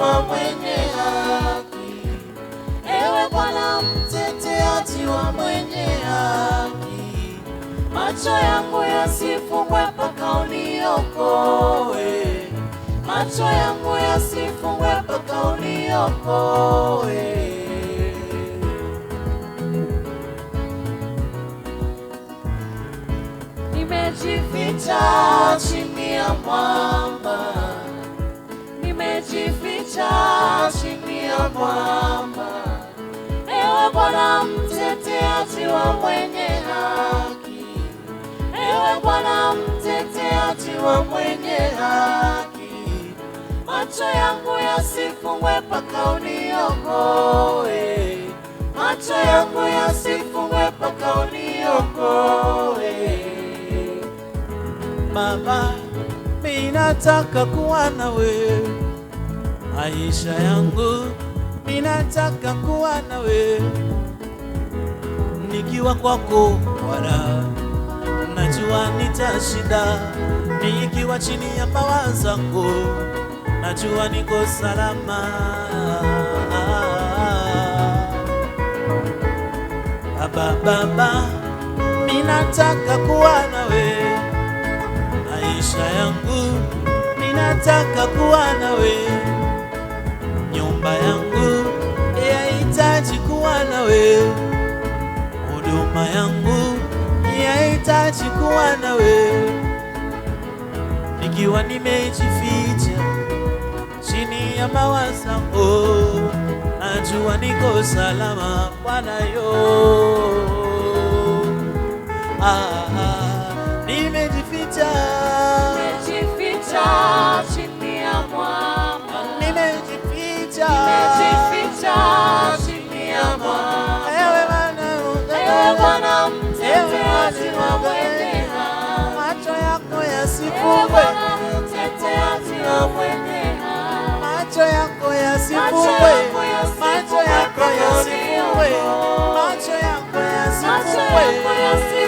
wa mwenye haki, ewe Bwana mteteaji wa mwenye haki, macho yangu yasifungwe mpaka uniokoe, macho yangu yasifungwe mpaka uniokoe. Nimejificha chini ya mwamba kwamba ewe Bwana mteteaji wa mwenye haki, ewe Bwana mteteaji wa mwenye haki, macho yangu yasifungwe mpaka uniokoe, macho yangu yasifungwe mpaka uniokoe. Baba, mimi nataka kuwa nawe maisha yangu ninataka kuwa we nikiwa kwako wala najua nitashida nikiwa chini ya bawa najua niko salama. Baba, baba, ninataka kuwa we maisha yangu ninataka kuwa we nyumba yangu na we, huduma yangu yahitaji kuwa na we, nikiwa nimejificha chini ya mawazo, oh, najua niko salama Bwana yo ah, ah, nimejificha chini ya nimejificha macho yako yasifungwe, macho yako yasifungwe, macho yako yasifungwe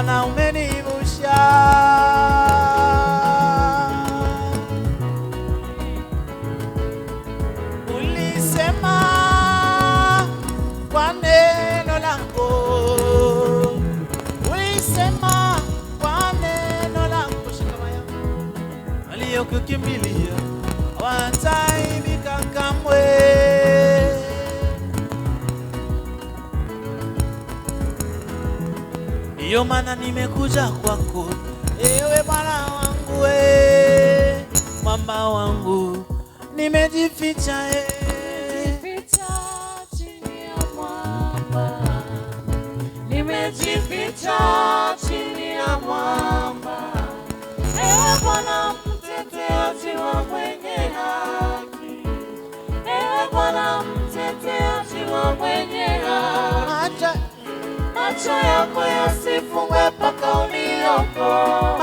Bwana umenivusha, ulisema kwa neno lako, ulisema kwa neno lako, kamwe. Ndiyo maana nimekuja kwako, ewe Bwana wangu, e mwamba wangu, nimejificha e. Nimejificha chini ya mwamba, ewe Bwana mteteaji wa mwenye haki, ewe Bwana mteteaji wa mwenye haki, macho yako yasi socorro.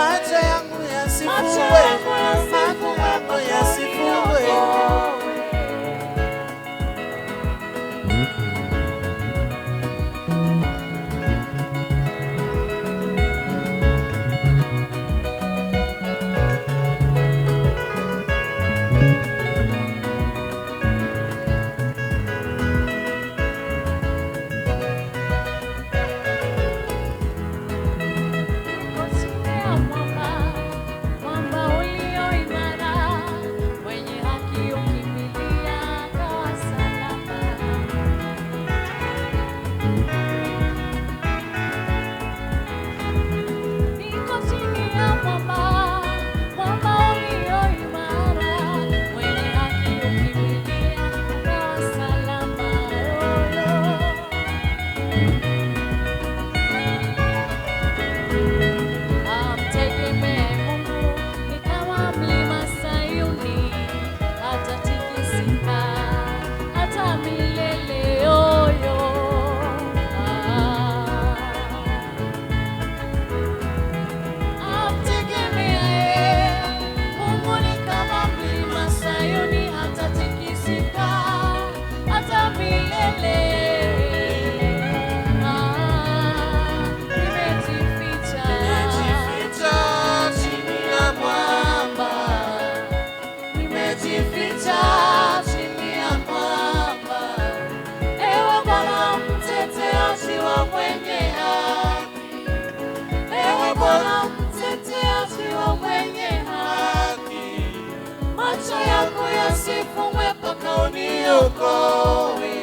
macho yako yasifungwe mpaka uniokoe,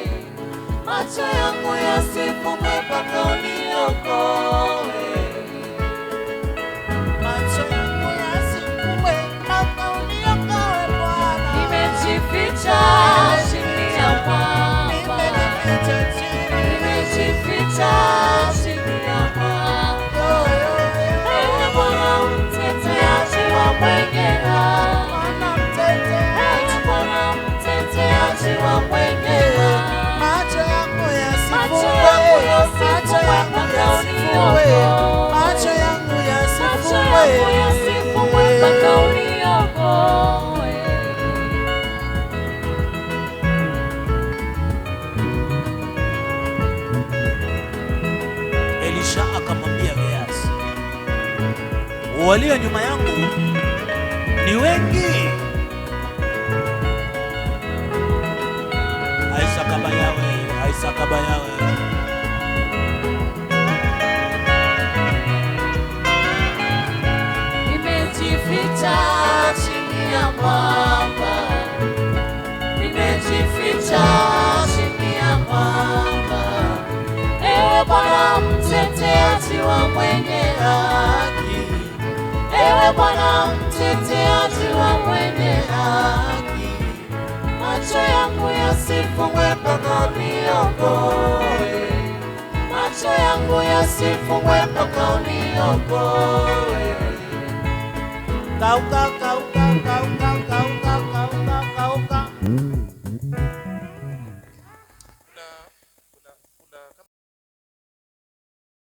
macho yako yasifungwe mpaka uniokoe, Nimejificha chini ya walio nyuma yangu ni wengi. Aisa kaba yawe, aisa kaba yawe. Nimejificha chini ya mwamba, nimejificha chini ya mwamba. Ee Bwana mteteaji wa mwenye haki Ewe Bwana mteteaji wa mwenye haki, macho yangu yasifungwe mpaka uniokoe, macho yangu yasifungwe mpaka uniokoe. Kauka, kauka, kauka.